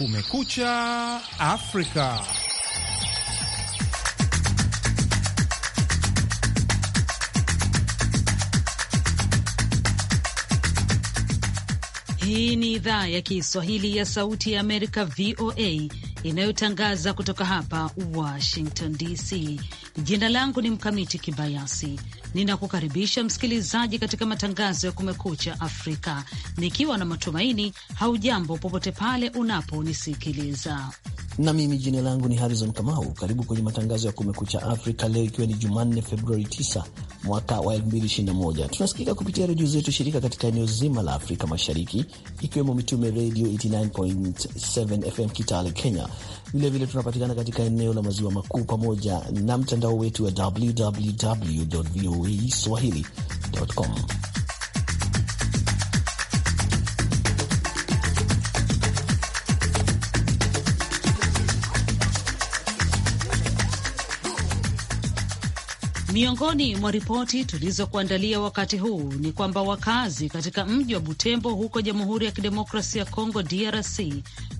Kumekucha Afrika. Hii ni idhaa ya Kiswahili ya Sauti ya Amerika, VOA, inayotangaza kutoka hapa Washington DC. Jina langu ni Mkamiti Kibayasi, ninakukaribisha msikilizaji katika matangazo ya Kumekucha Afrika, nikiwa na matumaini haujambo popote pale unaponisikiliza. Na mimi jina langu ni Harrison Kamau. Karibu kwenye matangazo ya Kumekucha Afrika leo, ikiwa ni Jumanne Februari 9 mwaka wa 2021. Tunasikika kupitia redio zetu shirika katika eneo zima la Afrika Mashariki, ikiwemo Mitume Redio 89.7 FM Kitale Kenya, Vilevile tunapatikana katika eneo la maziwa makuu pamoja na mtandao wetu wa www voa swahili.com. Miongoni mwa ripoti tulizokuandalia wakati huu ni kwamba wakazi katika mji wa Butembo huko Jamhuri ya Kidemokrasia ya Kongo DRC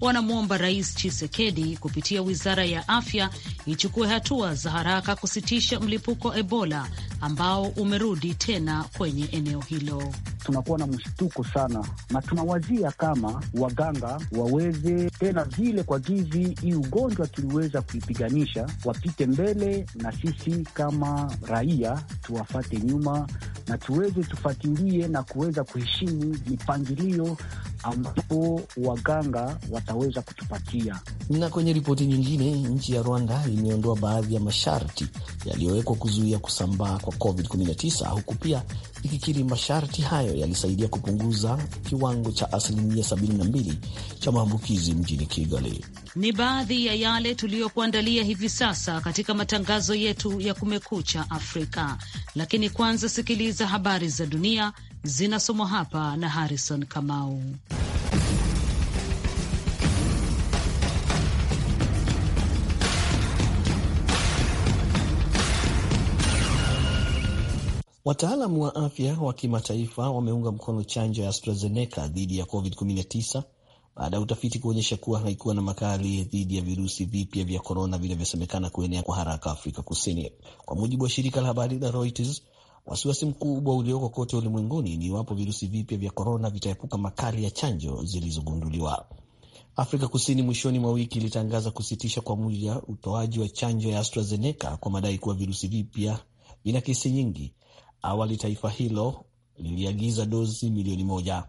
wanamwomba Rais Chisekedi kupitia wizara ya afya ichukue hatua za haraka kusitisha mlipuko wa Ebola ambao umerudi tena kwenye eneo hilo. Tunakuwa na mshtuko sana, na tunawazia kama waganga waweze tena vile kwa gizi, hii ugonjwa tuliweza kuipiganisha, wapite mbele na sisi kama raia tuwafate nyuma na tuweze tufatilie na kuweza kuheshimu mipangilio ambapo waganga wat wataweza kutupatia. Na kwenye ripoti nyingine, nchi ya Rwanda imeondoa baadhi ya masharti yaliyowekwa kuzuia kusambaa kwa COVID-19 huku pia ikikiri masharti hayo yalisaidia kupunguza kiwango cha asilimia 72 cha maambukizi mjini Kigali. Ni baadhi ya yale tuliyokuandalia hivi sasa katika matangazo yetu ya Kumekucha Afrika, lakini kwanza sikiliza habari za dunia zinasomwa hapa na Harrison Kamau. Wataalam wa afya wa kimataifa wameunga mkono chanjo ya AstraZeneca dhidi ya COVID-19 baada ya utafiti kuonyesha kuwa haikuwa na makali dhidi ya virusi vipya vya korona vinavyosemekana kuenea kwa haraka Afrika Kusini. Kwa mujibu wa shirika la habari la Reuters, wasiwasi mkubwa ulioko kote ulimwenguni ni iwapo virusi vipya vya korona vitaepuka makali ya chanjo zilizogunduliwa. Afrika Kusini mwishoni mwa wiki ilitangaza kusitisha kwa muda utoaji wa chanjo ya AstraZeneca kwa madai kuwa virusi vipya vina kesi nyingi Awali taifa hilo liliagiza dozi milioni moja.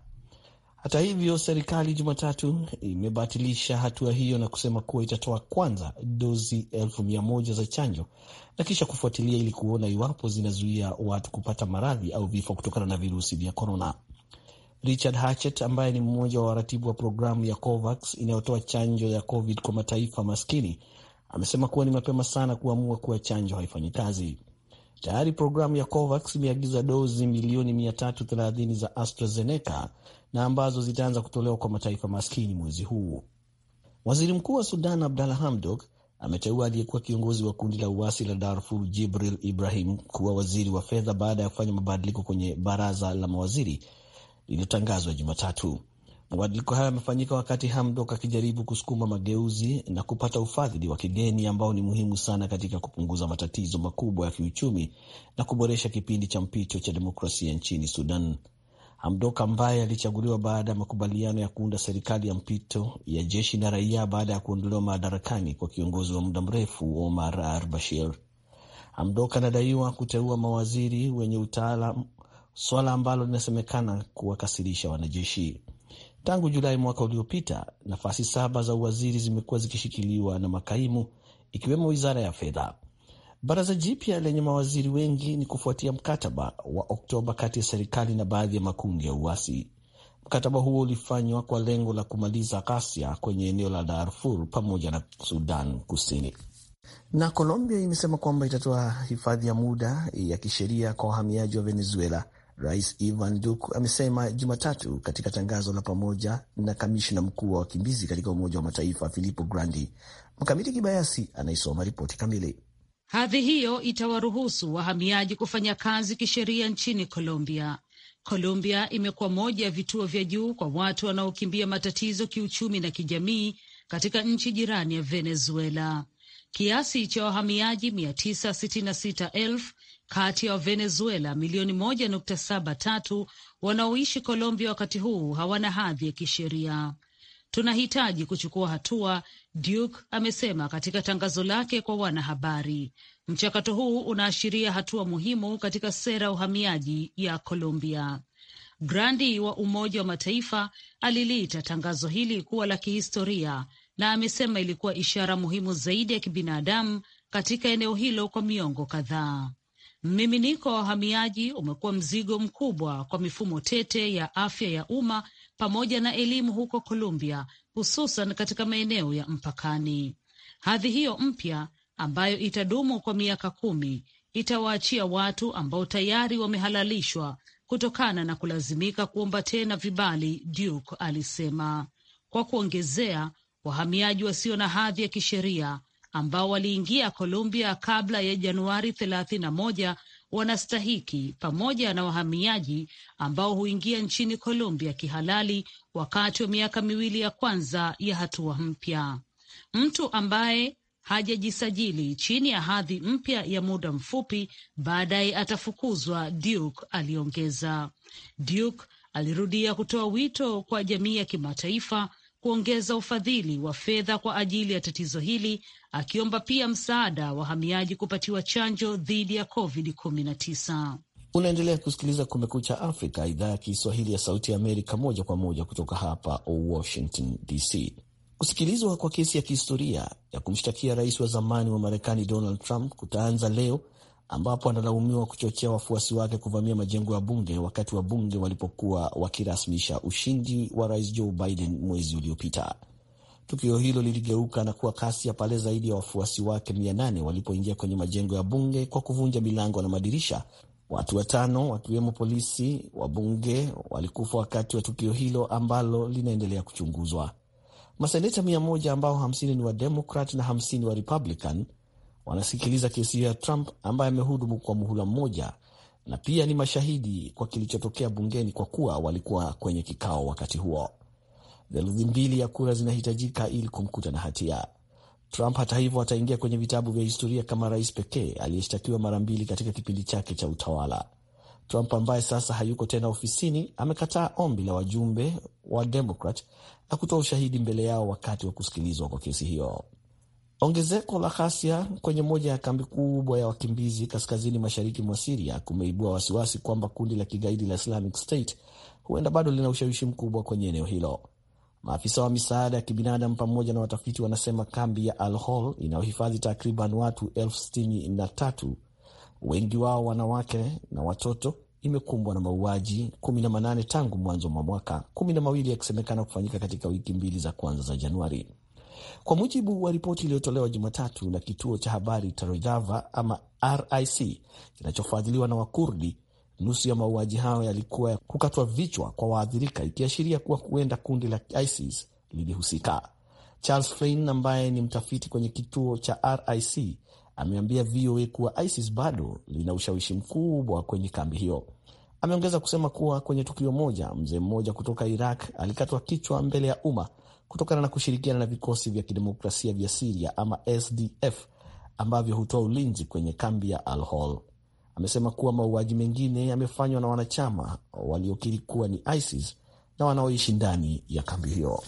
Hata hivyo, serikali Jumatatu imebatilisha hatua hiyo na kusema kuwa itatoa kwanza dozi elfu mia moja za chanjo na kisha kufuatilia ili kuona iwapo zinazuia watu kupata maradhi au vifo kutokana na virusi vya korona. Richard Hatchett ambaye ni mmoja wa waratibu wa programu ya COVAX inayotoa chanjo ya COVID kwa mataifa maskini amesema kuwa ni mapema sana kuamua kuwa chanjo haifanyi kazi. Tayari programu ya COVAX imeagiza dozi milioni 330 za AstraZeneca na ambazo zitaanza kutolewa kwa mataifa maskini mwezi huu. Waziri Mkuu wa Sudan Abdalla Hamdok ameteua aliyekuwa kiongozi wa kundi la uasi la Darfur Jibril Ibrahim kuwa waziri wa fedha baada ya kufanya mabadiliko kwenye baraza la mawaziri lililotangazwa Jumatatu. Mabadiliko hayo yamefanyika wakati Hamdok akijaribu kusukuma mageuzi na kupata ufadhili wa kigeni ambao ni muhimu sana katika kupunguza matatizo makubwa ya kiuchumi na kuboresha kipindi cha mpito cha demokrasia nchini Sudan. Hamdok ambaye alichaguliwa baada ya makubaliano ya kuunda serikali ya mpito ya jeshi na raia baada ya kuondolewa madarakani kwa kiongozi wa muda mrefu Omar al-Bashir. Hamdok anadaiwa kuteua mawaziri wenye utaalam, swala ambalo linasemekana kuwakasirisha wanajeshi. Tangu Julai mwaka uliopita, nafasi saba za uwaziri zimekuwa zikishikiliwa na makaimu, ikiwemo wizara ya fedha. Baraza jipya lenye mawaziri wengi ni kufuatia mkataba wa Oktoba kati ya serikali na baadhi ya makundi ya uasi. Mkataba huo ulifanywa kwa lengo la kumaliza ghasia kwenye eneo la Darfur pamoja na Sudan Kusini. Na Colombia imesema kwamba itatoa hifadhi ya muda ya kisheria kwa wahamiaji wa Venezuela Rais Ivan Duk amesema Jumatatu katika tangazo la pamoja na kamishna mkuu wa wakimbizi katika Umoja wa Mataifa Filippo Grandi. Mkamiti Kibayasi anaisoma ripoti kamili. Hadhi hiyo itawaruhusu wahamiaji kufanya kazi kisheria nchini Colombia. Colombia imekuwa moja ya vituo vya juu kwa watu wanaokimbia matatizo kiuchumi na kijamii katika nchi jirani ya Venezuela. Kiasi cha wahamiaji 966,000 kati ya Venezuela milioni moja nukta saba tatu wanaoishi Colombia wakati huu hawana hadhi ya kisheria. Tunahitaji kuchukua hatua, Duke amesema katika tangazo lake kwa wanahabari. Mchakato huu unaashiria hatua muhimu katika sera ya uhamiaji ya Colombia. Grandi wa Umoja wa Mataifa aliliita tangazo hili kuwa la kihistoria na amesema ilikuwa ishara muhimu zaidi ya kibinadamu katika eneo hilo kwa miongo kadhaa. Mmiminiko wa wahamiaji umekuwa mzigo mkubwa kwa mifumo tete ya afya ya umma pamoja na elimu huko Colombia, hususan katika maeneo ya mpakani. Hadhi hiyo mpya ambayo itadumu kwa miaka kumi itawaachia watu ambao tayari wamehalalishwa kutokana na kulazimika kuomba tena vibali, Duke alisema. Kwa kuongezea, wahamiaji wasio na hadhi ya kisheria ambao waliingia Colombia kabla ya Januari 31 wanastahiki pamoja na wahamiaji ambao huingia nchini Colombia kihalali wakati wa miaka miwili ya kwanza ya hatua mpya. Mtu ambaye hajajisajili chini ya hadhi mpya ya muda mfupi baadaye atafukuzwa, Duke aliongeza. Duke alirudia kutoa wito kwa jamii ya kimataifa kuongeza ufadhili wa fedha kwa ajili ya tatizo hili, akiomba pia msaada wahamiaji kupatiwa chanjo dhidi ya COVID-19. Unaendelea kusikiliza Kumekucha Afrika, idhaa ya Kiswahili ya Sauti ya Amerika, moja kwa moja kutoka hapa Washington DC. Kusikilizwa kwa kesi ya kihistoria ya kumshtakia rais wa zamani wa Marekani Donald Trump kutaanza leo ambapo analaumiwa kuchochea wafuasi wake kuvamia majengo ya bunge wakati wa bunge walipokuwa wakirasmisha ushindi wa rais Joe Biden mwezi uliopita. Tukio hilo liligeuka na kuwa kasi ya pale zaidi ya wafuasi wake 8 walipoingia kwenye majengo ya bunge kwa kuvunja milango na madirisha. Watu watano wakiwemo polisi wa bunge walikufa wakati wa tukio hilo ambalo linaendelea kuchunguzwa. Maseneta 1 ambao 50 ni Wademokrat na 50 wa Republican wanasikiliza kesi hiyo ya Trump ambaye amehudumu kwa muhula mmoja na pia ni mashahidi kwa kilichotokea bungeni kwa kuwa walikuwa kwenye kikao wakati huo. Theluthi mbili ya kura zinahitajika ili kumkuta na hatia. Trump hata hivyo ataingia kwenye vitabu vya historia kama rais pekee aliyeshtakiwa mara mbili katika kipindi chake cha utawala. Trump ambaye sasa hayuko tena ofisini amekataa ombi la wajumbe wa Demokrat na kutoa ushahidi mbele yao wakati wa kusikilizwa kwa kesi hiyo. Ongezeko la ghasia kwenye moja ya kambi kubwa ya wakimbizi kaskazini mashariki mwa Siria kumeibua wasiwasi kwamba kundi la kigaidi la Islamic State huenda bado lina ushawishi mkubwa kwenye eneo hilo. Maafisa wa misaada ya kibinadamu pamoja na watafiti wanasema kambi ya Al Hol inayohifadhi takriban watu elfu sitini na tatu, wengi wao wanawake na watoto, imekumbwa na mauaji 18 tangu mwanzo mwa mwaka, kumi na mawili yakisemekana kufanyika katika wiki mbili za kwanza za Januari. Kwa mujibu wa ripoti iliyotolewa Jumatatu na kituo cha habari Rojava ama RIC kinachofadhiliwa na Wakurdi, nusu ya mauaji hayo yalikuwa kukatwa vichwa kwa waathirika, ikiashiria kuwa huenda kundi la ISIS lilihusika. Charles Fein ambaye ni mtafiti kwenye kituo cha RIC ameambia VOA kuwa ISIS bado lina ushawishi mkubwa kwenye kambi hiyo. Ameongeza kusema kuwa kwenye tukio moja, mzee mmoja kutoka Iraq alikatwa kichwa mbele ya umma kutokana na kushirikiana na vikosi vya kidemokrasia vya Siria ama SDF ambavyo hutoa ulinzi kwenye kambi ya Al Hol. Amesema kuwa mauaji mengine yamefanywa na wanachama waliokiri kuwa ni ISIS na wanaoishi ndani ya kambi hiyo.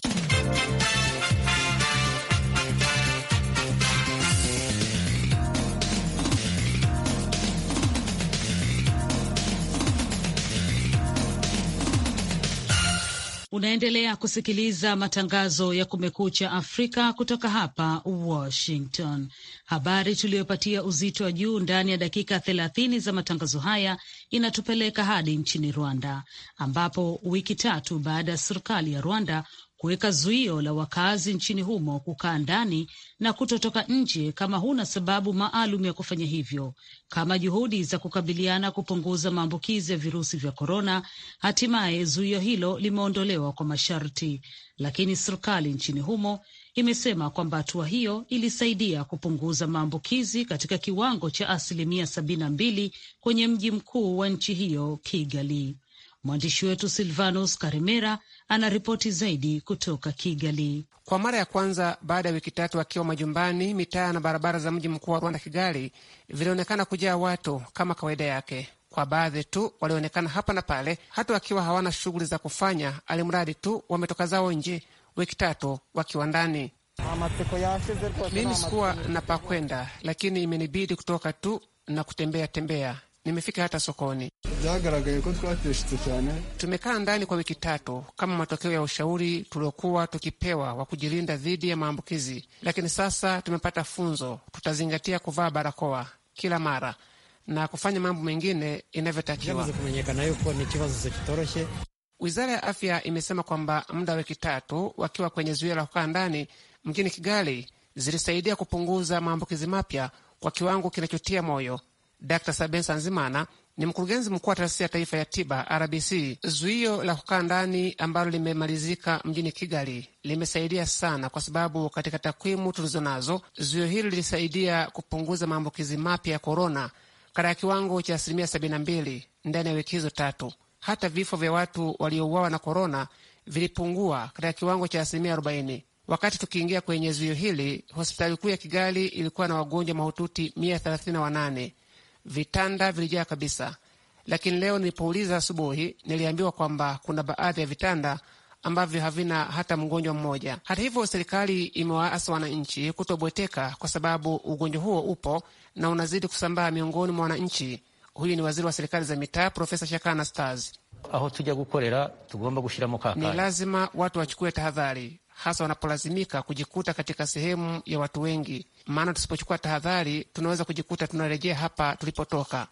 Unaendelea kusikiliza matangazo ya Kumekucha Afrika kutoka hapa Washington. Habari tuliyopatia uzito wa juu ndani ya dakika thelathini za matangazo haya inatupeleka hadi nchini Rwanda, ambapo wiki tatu baada ya serikali ya Rwanda kuweka zuio la wakazi nchini humo kukaa ndani na kutotoka nje kama huna sababu maalum ya kufanya hivyo, kama juhudi za kukabiliana kupunguza maambukizi ya virusi vya korona. Hatimaye zuio hilo limeondolewa kwa masharti, lakini serikali nchini humo imesema kwamba hatua hiyo ilisaidia kupunguza maambukizi katika kiwango cha asilimia sabini na mbili kwenye mji mkuu wa nchi hiyo Kigali. Mwandishi wetu Silvanus Karimera ana ripoti zaidi kutoka Kigali. Kwa mara ya kwanza baada ya wiki tatu akiwa majumbani, mitaa na barabara za mji mkuu wa Rwanda, Kigali, vilionekana kujaa watu kama kawaida yake. Kwa baadhi tu walionekana hapa na pale, hata wakiwa hawana shughuli za kufanya, alimradi tu wametoka zao nje, wiki tatu wakiwa ndani. Mimi sikuwa na pakwenda, lakini imenibidi kutoka tu na kutembea tembea nimefika hata sokoni. Tumekaa ndani kwa wiki tatu kama matokeo ya ushauri tuliokuwa tukipewa wa kujilinda dhidi ya maambukizi, lakini sasa tumepata funzo. Tutazingatia kuvaa barakoa kila mara na kufanya mambo mengine inavyotakiwa. Wizara ya afya imesema kwamba muda wa wiki tatu wakiwa kwenye zuio la kukaa ndani mjini Kigali zilisaidia kupunguza maambukizi mapya kwa kiwango kinachotia moyo. Dr saben Sanzimana ni mkurugenzi mkuu wa taasisi ya taifa ya tiba RBC. Zuio la kukaa ndani ambalo limemalizika mjini Kigali limesaidia sana, kwa sababu katika takwimu tulizo nazo, zuio hili lilisaidia kupunguza maambukizi mapya ya korona katika kiwango cha asilimia 72 ndani ya wiki hizo tatu. Hata vifo vya watu waliouawa na korona vilipungua katika kiwango cha asilimia 40. Wakati tukiingia kwenye zuio hili, hospitali kuu ya Kigali ilikuwa na wagonjwa mahututi 138 vitanda vilijaa kabisa, lakini leo nilipouliza asubuhi, niliambiwa kwamba kuna baadhi ya vitanda ambavyo havina hata mgonjwa mmoja. Hata hivyo, serikali imewaasa wananchi kutobweteka, kwa sababu ugonjwa huo upo na unazidi kusambaa miongoni mwa wananchi. Huyu ni waziri wa serikali za mitaa Profesa Shakana Stars. Aho tuja gukorera tugomba gushiramo ni lazima watu wachukue tahadhari hasa wanapolazimika kujikuta katika sehemu ya watu wengi, maana tusipochukua tahadhari tunaweza kujikuta tunarejea hapa tulipotoka.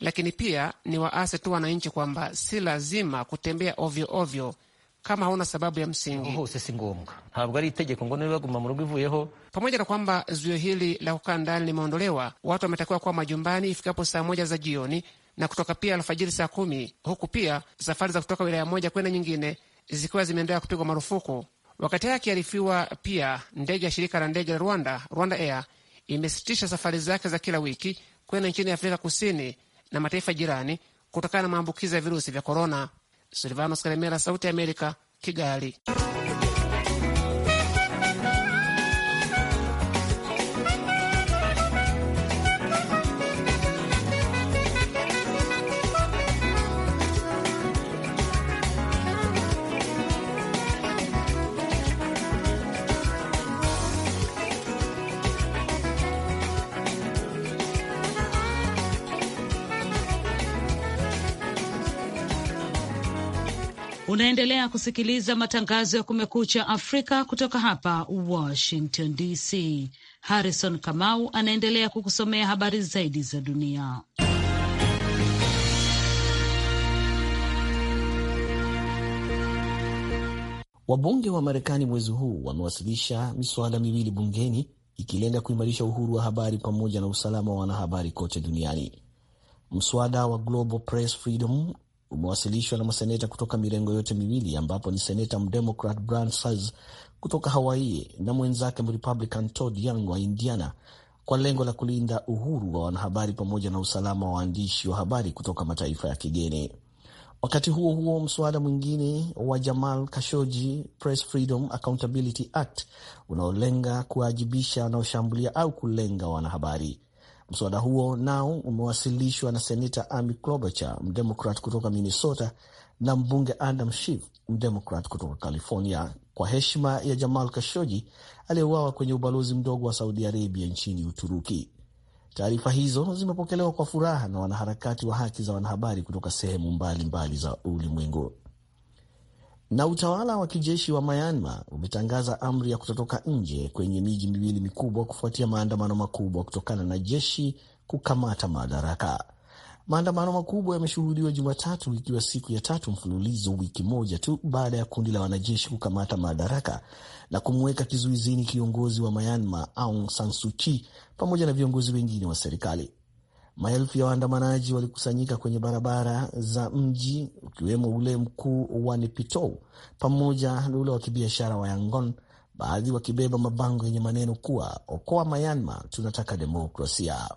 Lakini pia ni waase tu wananchi kwamba si lazima kutembea ovyo ovyo kama hauna sababu ya msingi. Pamoja na kwamba zuio hili la kukaa ndani limeondolewa, watu wametakiwa kuwa majumbani ifikapo saa moja za jioni na kutoka pia alfajiri saa kumi, huku pia safari za kutoka wilaya moja kwenda nyingine zikiwa zimeendelea kupigwa marufuku Wakati haya akiarifiwa, pia ndege ya shirika la ndege la Rwanda, Rwanda Air, imesitisha safari zake za kila wiki kwenda nchini Afrika Kusini na mataifa jirani kutokana na maambukizi ya virusi vya korona. Silvanos Karemera, Sauti ya Amerika, Kigali. Unaendelea kusikiliza matangazo ya Kumekucha Afrika kutoka hapa Washington DC. Harrison Kamau anaendelea kukusomea habari zaidi za dunia. Wabunge wa Marekani mwezi huu wamewasilisha miswada miwili bungeni ikilenga kuimarisha uhuru wa habari pamoja na usalama wa wanahabari kote duniani. Mswada wa Global Press Freedom umewasilishwa na maseneta kutoka mirengo yote miwili ambapo ni seneta mdemokrat Brian Schatz kutoka Hawaii na mwenzake mrepublican Todd Young wa Indiana kwa lengo la kulinda uhuru wa wanahabari pamoja na usalama wa waandishi wa habari kutoka mataifa ya kigeni. Wakati huo huo, mswada mwingine wa Jamal Kashoji, Press Freedom Accountability Act, unaolenga kuwaajibisha wanaoshambulia au kulenga wanahabari. Mswada huo nao umewasilishwa na senata Amy Klobuchar, mdemokrat kutoka Minnesota, na mbunge Adam Schiff, mdemokrat kutoka California, kwa heshima ya Jamal Kashoji aliyeuawa kwenye ubalozi mdogo wa Saudi Arabia nchini Uturuki. Taarifa hizo zimepokelewa kwa furaha na wanaharakati wa haki za wanahabari kutoka sehemu mbalimbali mbali za ulimwengu. Na utawala wa kijeshi wa Myanmar umetangaza amri ya kutotoka nje kwenye miji miwili mikubwa kufuatia maandamano makubwa kutokana na jeshi kukamata madaraka. Maandamano makubwa yameshuhudiwa Jumatatu, ikiwa siku ya tatu mfululizo, wiki moja tu baada ya kundi la wanajeshi kukamata madaraka na kumweka kizuizini kiongozi wa Myanmar Aung San Suu Kyi pamoja na viongozi wengine wa serikali. Maelfu ya waandamanaji walikusanyika kwenye barabara za mji ukiwemo ule mkuu wa Nipitou pamoja na ule wa kibiashara wa Yangon, baadhi wakibeba mabango yenye maneno kuwa okoa Myanmar, tunataka demokrasia.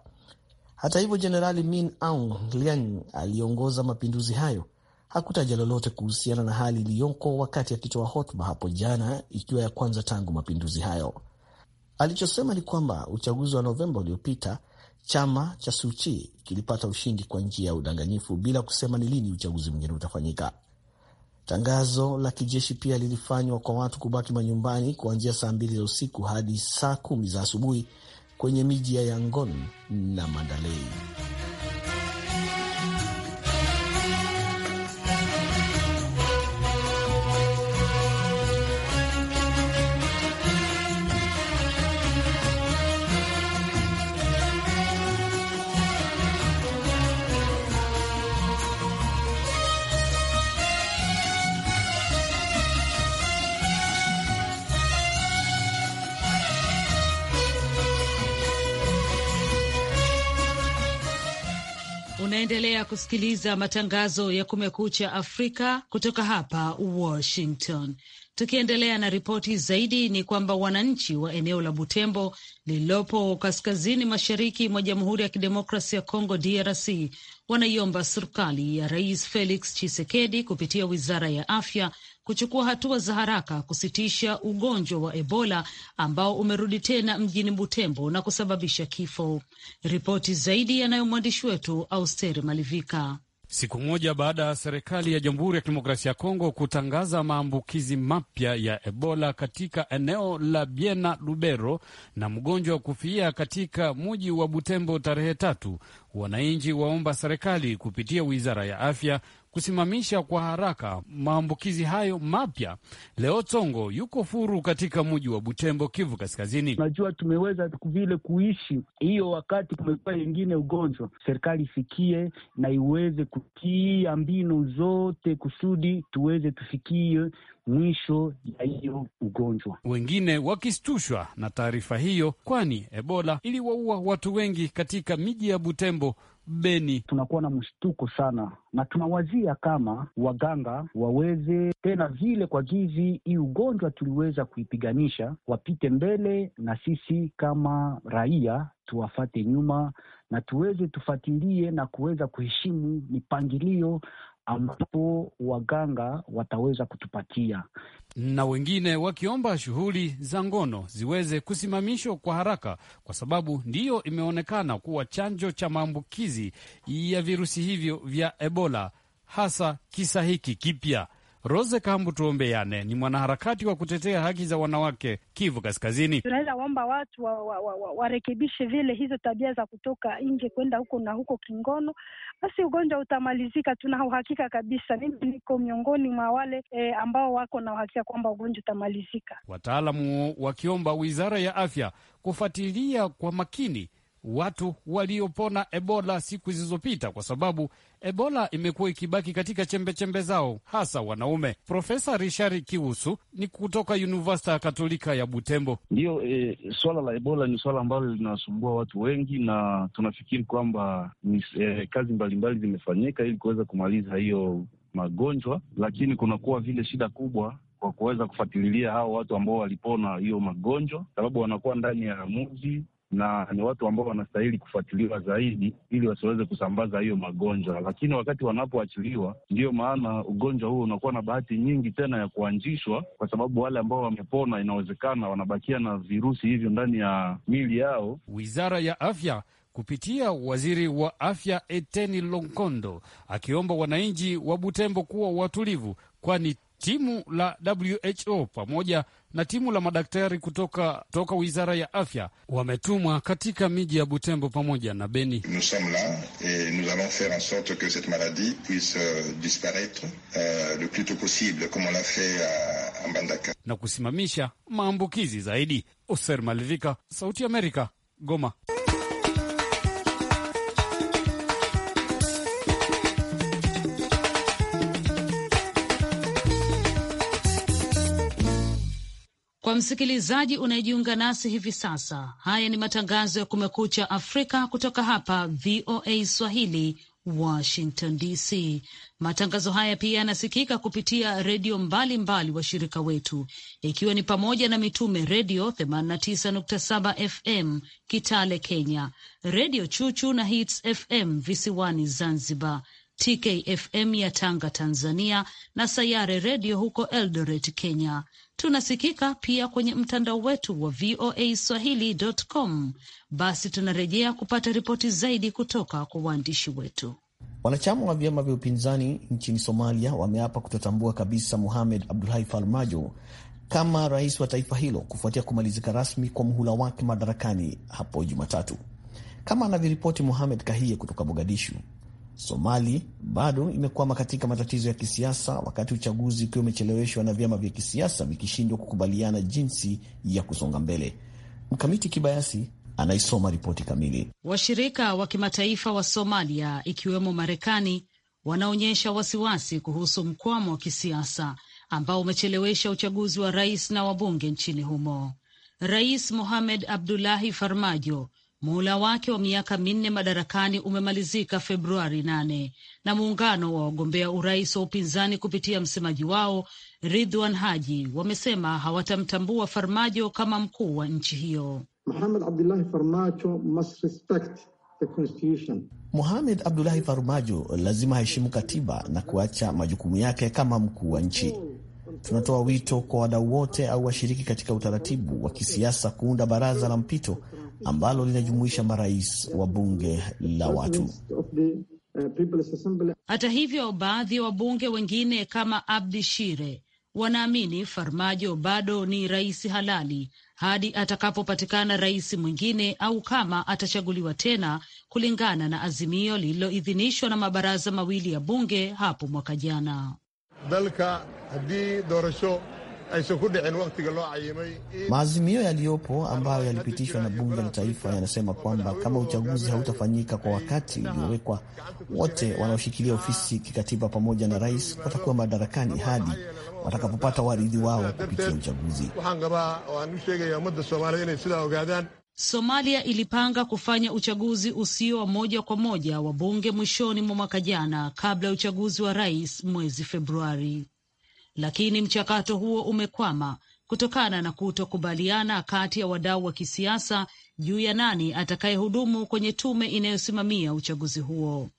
Hata hivyo, Jenerali Min Aung Hlaing aliongoza mapinduzi hayo hakutaja lolote kuhusiana na hali iliyoko wakati akitoa wa hotuba hapo jana, ikiwa ya kwanza tangu mapinduzi hayo. Alichosema ni kwamba uchaguzi wa Novemba uliopita chama cha Suchi kilipata ushindi kwa njia ya udanganyifu bila kusema ni lini uchaguzi mwingine utafanyika. Tangazo la kijeshi pia lilifanywa kwa watu kubaki manyumbani kuanzia saa mbili za usiku hadi saa kumi za asubuhi kwenye miji ya Yangon na Mandalei. Unaendelea kusikiliza matangazo ya Kumekucha Afrika kutoka hapa Washington. Tukiendelea na ripoti zaidi, ni kwamba wananchi wa eneo la Butembo lililopo kaskazini mashariki mwa Jamhuri ya Kidemokrasi ya congo DRC, wanaiomba serikali ya Rais Felix Tshisekedi kupitia wizara ya afya kuchukua hatua za haraka kusitisha ugonjwa wa Ebola ambao umerudi tena mjini Butembo na kusababisha kifo. Ripoti zaidi yanayo mwandishi wetu Austeri Malivika siku moja baada ya serikali ya Jamhuri ya Kidemokrasia ya Kongo kutangaza maambukizi mapya ya Ebola katika eneo la Biena Lubero na mgonjwa kufia katika muji wa Butembo tarehe tatu, wananchi waomba serikali kupitia wizara ya afya kusimamisha kwa haraka maambukizi hayo mapya. Leo Tsongo yuko furu katika mji wa Butembo, Kivu Kaskazini. Najua tumeweza vile kuishi hiyo wakati kumekuwa yengine ugonjwa, serikali ifikie na iweze kutia mbinu zote kusudi tuweze tufikie mwisho ya hiyo ugonjwa. Wengine wakistushwa na taarifa hiyo, kwani Ebola iliwaua watu wengi katika miji ya Butembo Beni. Tunakuwa na mshtuko sana, na tunawazia kama waganga waweze tena vile kwa gizi hii ugonjwa tuliweza kuipiganisha, wapite mbele na sisi kama raia tuwafate nyuma na tuweze tufatilie na kuweza kuheshimu mipangilio ambapo waganga wataweza kutupatia, na wengine wakiomba shughuli za ngono ziweze kusimamishwa kwa haraka, kwa sababu ndiyo imeonekana kuwa chanjo cha maambukizi ya virusi hivyo vya Ebola, hasa kisa hiki kipya. Rose Kambu, tuombe yane ni mwanaharakati wa kutetea haki za wanawake Kivu Kaskazini. Tunaweza waomba watu warekebishe wa, wa, wa, vile hizo tabia za kutoka nje kwenda huko na huko kingono, basi ugonjwa utamalizika. Tuna uhakika kabisa, mimi niko miongoni mwa wale e, ambao wako na uhakika kwamba ugonjwa utamalizika, wataalamu wakiomba wizara ya afya kufuatilia kwa makini watu waliopona Ebola siku zilizopita, kwa sababu Ebola imekuwa ikibaki katika chembechembe chembe zao, hasa wanaume. Profesa rishari Kiusu ni kutoka University ya Katolika ya Butembo. Ndiyo, e, eh, swala la Ebola ni swala ambalo linasumbua watu wengi, na tunafikiri kwamba e, kazi mbalimbali zimefanyika ili kuweza kumaliza hiyo magonjwa, lakini kunakuwa vile shida kubwa kwa kuweza kufuatilia hao watu ambao walipona hiyo magonjwa, sababu wanakuwa ndani ya mji na ni watu ambao wanastahili kufuatiliwa zaidi ili wasiweze kusambaza hiyo magonjwa. Lakini wakati wanapoachiliwa, ndiyo maana ugonjwa huo unakuwa na bahati nyingi tena ya kuanzishwa, kwa sababu wale ambao wamepona, inawezekana wanabakia na virusi hivyo ndani ya mili yao. Wizara ya Afya kupitia waziri wa afya Eteni Lonkondo akiomba wananchi wa Butembo kuwa watulivu, kwani timu la WHO pamoja na timu la madaktari kutoka toka wizara ya afya wametumwa katika miji ya Butembo pamoja na Beni. Nous sommes la et nous allons faire en sorte que cette maladie puisse euh, disparaître euh, le plus tôt possible comme on l'a fait à Mbandaka, na kusimamisha maambukizi zaidi. Oser Malivika, Sauti Amerika, Goma. msikilizaji unayejiunga nasi hivi sasa, haya ni matangazo ya Kumekucha Afrika kutoka hapa VOA Swahili, Washington DC. Matangazo haya pia yanasikika kupitia redio mbalimbali washirika wetu, ikiwa ni pamoja na Mitume Redio 89.7 FM Kitale Kenya, Redio Chuchu na Hits FM visiwani Zanzibar, TKFM ya Tanga, Tanzania, na Sayare Redio huko Eldoret, Kenya. Tunasikika pia kwenye mtandao wetu wa VOA Swahili.com. Basi tunarejea kupata ripoti zaidi kutoka kwa waandishi wetu. Wanachama wa vyama vya upinzani nchini Somalia wameapa kutotambua kabisa Mohamed abdulahi Farmajo kama rais wa taifa hilo kufuatia kumalizika rasmi kwa mhula wake madarakani hapo Jumatatu, kama anavyoripoti Mohamed Kahiye kutoka Mogadishu. Somali bado imekwama katika matatizo ya kisiasa, wakati uchaguzi ukiwa umecheleweshwa na vyama vya kisiasa vikishindwa kukubaliana jinsi ya kusonga mbele. Mkamiti Kibayasi anaisoma ripoti kamili. Washirika wa kimataifa wa Somalia ikiwemo Marekani wanaonyesha wasiwasi kuhusu mkwamo wa kisiasa ambao umechelewesha uchaguzi wa rais na wabunge nchini humo. Rais Mohamed Abdullahi Farmajo Muhula wake wa miaka minne madarakani umemalizika Februari nane na muungano wa wagombea urais wa upinzani kupitia msemaji wao Ridwan Haji wamesema hawatamtambua Farmajo kama mkuu wa nchi hiyo. Muhamed Abdullahi Farmajo must respect the constitution. Muhamed Abdullahi Farmajo lazima aheshimu katiba na kuacha majukumu yake kama mkuu wa nchi. Tunatoa wito kwa wadau wote au washiriki katika utaratibu wa kisiasa kuunda baraza la mpito ambalo linajumuisha marais wa bunge la watu. Hata hivyo, baadhi ya wabunge wengine kama Abdi Shire wanaamini Farmajo bado ni rais halali hadi atakapopatikana rais mwingine au kama atachaguliwa tena, kulingana na azimio lililoidhinishwa na mabaraza mawili ya bunge hapo mwaka jana dalka hadii dorosho Maazimio yaliyopo ambayo yalipitishwa na bunge la taifa yanasema kwamba kama uchaguzi hautafanyika kwa wakati uliowekwa, wote wanaoshikilia ofisi kikatiba pamoja na rais watakuwa madarakani hadi watakapopata waridhi wao kupitia uchaguzi. Somalia ilipanga kufanya uchaguzi usio wa moja kwa moja wa bunge mwishoni mwa mwaka jana kabla ya uchaguzi wa rais mwezi Februari lakini mchakato huo umekwama kutokana na kutokubaliana kati ya wadau wa kisiasa juu ya nani atakayehudumu kwenye tume inayosimamia uchaguzi huo.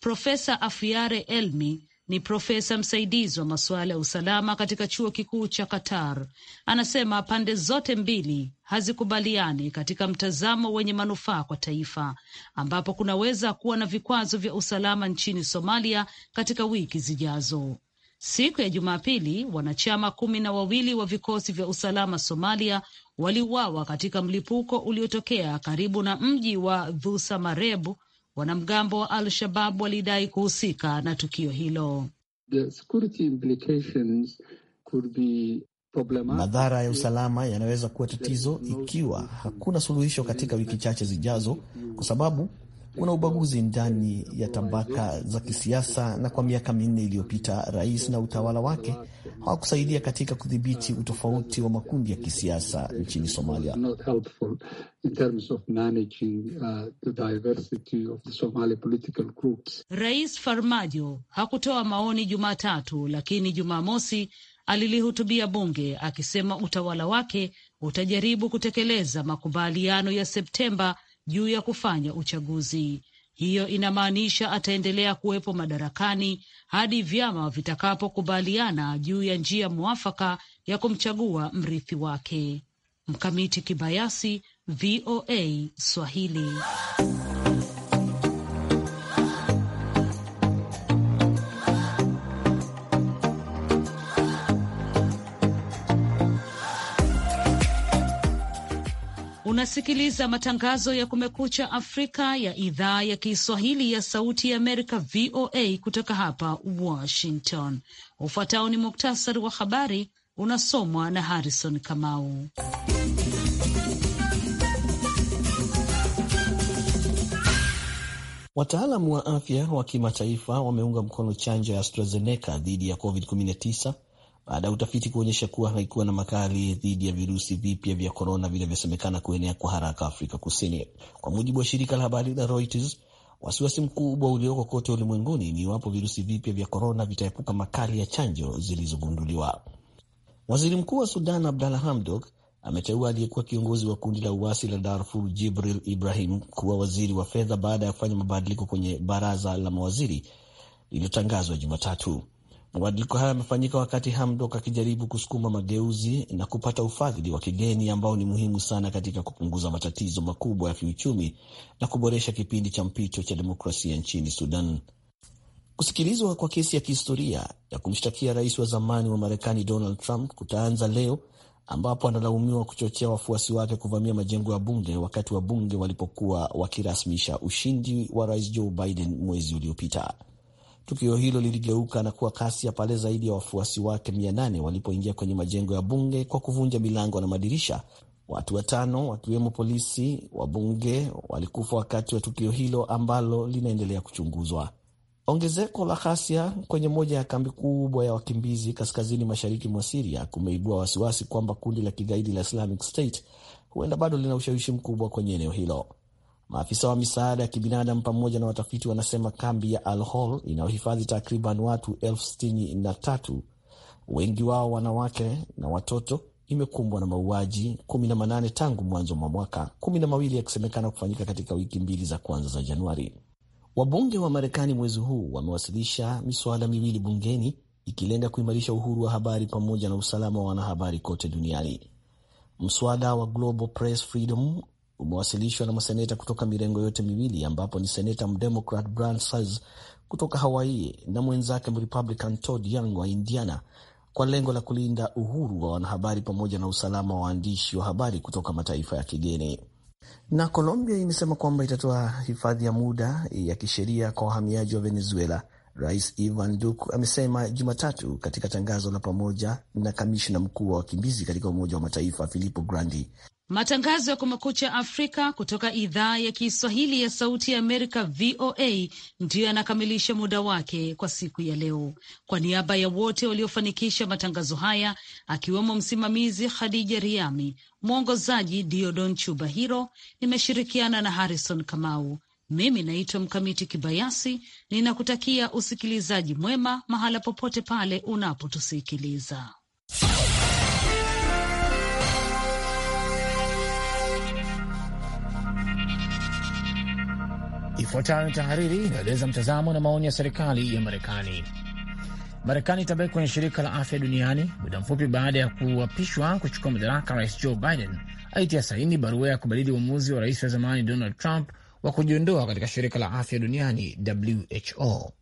Profesa Afiare Elmi ni profesa msaidizi wa masuala ya usalama katika chuo kikuu cha Qatar. Anasema pande zote mbili hazikubaliani katika mtazamo wenye manufaa kwa taifa, ambapo kunaweza kuwa na vikwazo vya usalama nchini Somalia katika wiki zijazo. Siku ya Jumapili, wanachama kumi na wawili wa vikosi vya usalama Somalia waliuawa katika mlipuko uliotokea karibu na mji wa dhusa marebu Wanamgambo wa Al-Shabab walidai kuhusika na tukio hilo. Madhara ya usalama yanaweza kuwa tatizo ikiwa hakuna suluhisho katika wiki chache zijazo, kwa sababu kuna ubaguzi ndani ya tabaka za kisiasa, na kwa miaka minne iliyopita rais na utawala wake hawakusaidia katika kudhibiti utofauti wa makundi ya kisiasa nchini Somalia. Uh, rais Farmajo hakutoa maoni Jumatatu, lakini Jumamosi alilihutubia bunge akisema utawala wake utajaribu kutekeleza makubaliano ya Septemba juu ya kufanya uchaguzi. Hiyo inamaanisha ataendelea kuwepo madarakani hadi vyama vitakapokubaliana juu ya njia mwafaka ya kumchagua mrithi wake. Mkamiti Kibayasi, VOA Swahili. Unasikiliza matangazo ya Kumekucha Afrika ya idhaa ya Kiswahili ya Sauti ya Amerika, VOA, kutoka hapa Washington. Ufuatao ni muktasari wa habari unasomwa na Harrison Kamau. Wataalamu wa afya wa kimataifa wameunga mkono chanjo ya AstraZeneca dhidi ya COVID-19 baada ya utafiti kuonyesha kuwa haikuwa na makali dhidi ya virusi vipya vya korona vinavyosemekana kuenea kwa haraka Afrika Kusini, kwa mujibu wa shirika la habari la Reuters. Wasiwasi mkubwa ulioko kote ulimwenguni ni iwapo virusi vipya vya korona vitaepuka makali ya chanjo zilizogunduliwa. Waziri Mkuu wa Sudan Abdalla Hamdok ameteua aliyekuwa kiongozi wa kundi la uasi la Darfur Jibril Ibrahim kuwa waziri wa fedha baada ya kufanya mabadiliko kwenye baraza la mawaziri lililotangazwa Jumatatu. Mabadiliko hayo yamefanyika wakati Hamdok akijaribu kusukuma mageuzi na kupata ufadhili wa kigeni ambao ni muhimu sana katika kupunguza matatizo makubwa ya kiuchumi na kuboresha kipindi cha mpito cha demokrasia nchini Sudan. Kusikilizwa kwa kesi ya kihistoria ya kumshtakia rais wa zamani wa Marekani Donald Trump kutaanza leo, ambapo analaumiwa kuchochea wafuasi wake kuvamia majengo ya bunge wakati wa bunge walipokuwa wakirasmisha ushindi wa rais Joe Biden mwezi uliopita. Tukio hilo liligeuka na kuwa kasi pale zaidi ya wafuasi wake 800 walipoingia kwenye majengo ya bunge kwa kuvunja milango na madirisha. Watu watano wakiwemo polisi wa bunge walikufa wakati wa tukio hilo ambalo linaendelea kuchunguzwa. Ongezeko la ghasia kwenye moja ya kambi kubwa ya wakimbizi kaskazini mashariki mwa Siria kumeibua wasiwasi kwamba kundi la kigaidi la Islamic State huenda bado lina ushawishi mkubwa kwenye eneo hilo. Maafisa wa misaada ya kibinadamu pamoja na watafiti wanasema kambi ya Al Hol inayohifadhi takriban watu elfu sitini na tatu, wengi wao wanawake na watoto, imekumbwa na mauaji 18 tangu mwanzo mwa mwaka, 12 yakisemekana kufanyika katika wiki mbili za kwanza za Januari. Wabunge wa Marekani mwezi huu wamewasilisha miswada miwili bungeni ikilenga kuimarisha uhuru wa habari pamoja na usalama wa wanahabari kote duniani. Mswada wa Global Press Freedom umewasilishwa na maseneta kutoka mirengo yote miwili ambapo ni seneta mdemocrat Brian kutoka Hawaii na mwenzake mrepublican Todd Young wa Indiana kwa lengo la kulinda uhuru wa wanahabari pamoja na usalama wa waandishi wa habari kutoka mataifa ya kigeni. Na Colombia imesema kwamba itatoa hifadhi ya muda ya kisheria kwa wahamiaji wa Venezuela. Rais Ivan Duque amesema Jumatatu katika tangazo la pamoja na kamishna mkuu wa wakimbizi katika Umoja wa Mataifa Filippo Grandi Matangazo ya Kumekucha Afrika kutoka idhaa ya Kiswahili ya Sauti ya Amerika, VOA, ndiyo yanakamilisha muda wake kwa siku ya leo. Kwa niaba ya wote waliofanikisha matangazo haya, akiwemo msimamizi Khadija Riami, mwongozaji Diodon chuba hiro nimeshirikiana na Harrison Kamau. Mimi naitwa Mkamiti Kibayasi, ninakutakia usikilizaji mwema mahala popote pale unapotusikiliza. Ifuatayo tahariri inaeleza mtazamo na maoni ya serikali ya Marekani. Marekani itabaki kwenye shirika la afya duniani muda mfupi baada ya kuapishwa kuchukua madaraka, Rais Joe Biden aitia saini barua ya kubadili uamuzi wa rais wa zamani Donald Trump wa kujiondoa katika shirika la afya duniani WHO.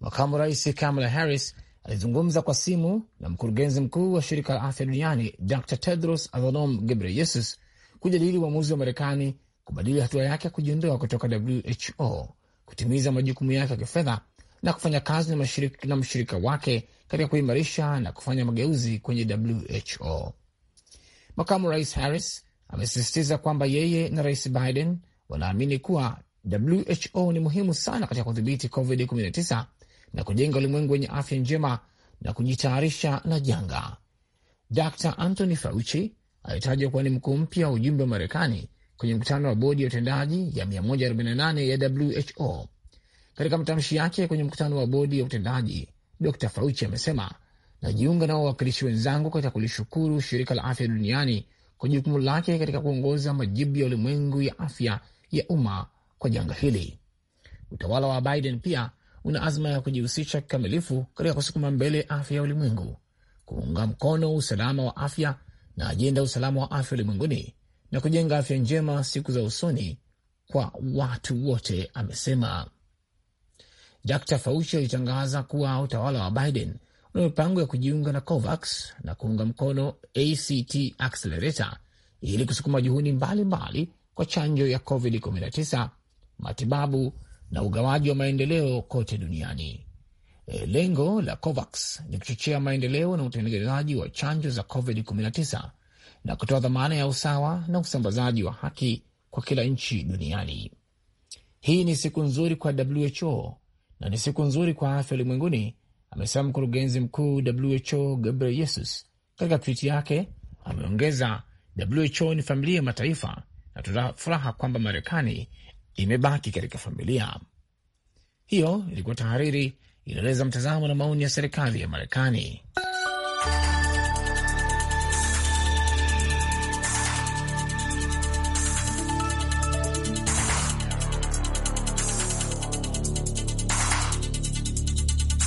Makamu Rais Kamala Harris alizungumza kwa simu na mkurugenzi mkuu wa shirika la afya duniani Dr Tedros Adhanom Ghebreyesus kujadili uamuzi wa Marekani kubadili hatua yake ya kujiondoa kutoka WHO, kutimiza majukumu yake ya kifedha na kufanya kazi na, mashirika, na mshirika wake katika kuimarisha na kufanya mageuzi kwenye WHO. Makamu Rais Harris amesisitiza kwamba yeye na Rais Biden wanaamini kuwa WHO ni muhimu sana katika kudhibiti COVID-19 na kujenga ulimwengu wenye afya njema na kujitayarisha na janga. Dr Anthony Fauci alitajwa kuwa ni mkuu mpya wa ujumbe wa Marekani kwenye mkutano wa bodi ya utendaji ya 148 ya WHO. Katika matamshi yake kwenye mkutano wa bodi ya utendaji, Dr Fauci amesema, najiunga na wawakilishi wenzangu katika kulishukuru shirika la afya duniani kwa jukumu lake katika kuongoza majibu ya ulimwengu ya afya ya umma kwa janga hili. Utawala wa Biden pia una azma ya kujihusisha kikamilifu katika kusukuma mbele afya ya ulimwengu, kuunga mkono usalama wa afya na ajenda ya usalama wa afya ulimwenguni na kujenga afya njema siku za usoni kwa watu wote, amesema. Dr Fauci alitangaza kuwa utawala wa Biden una mipango ya kujiunga na COVAX na kuunga mkono ACT Accelerator ili kusukuma juhudi mbalimbali kwa chanjo ya COVID-19, matibabu na ugawaji wa maendeleo kote duniani. E, lengo la COVAX ni kuchochea maendeleo na utengenezaji wa chanjo za COVID-19 na kutoa dhamana ya usawa na usambazaji wa haki kwa kila nchi duniani. Hii ni siku nzuri kwa WHO na ni siku nzuri kwa afya ulimwenguni, amesema mkurugenzi mkuu WHO Gabriel Yesus. Katika twiti yake ameongeza, WHO ni familia ya mataifa na tuna furaha kwamba Marekani imebaki katika familia hiyo. Ilikuwa tahariri, inaeleza mtazamo na maoni ya serikali ya Marekani.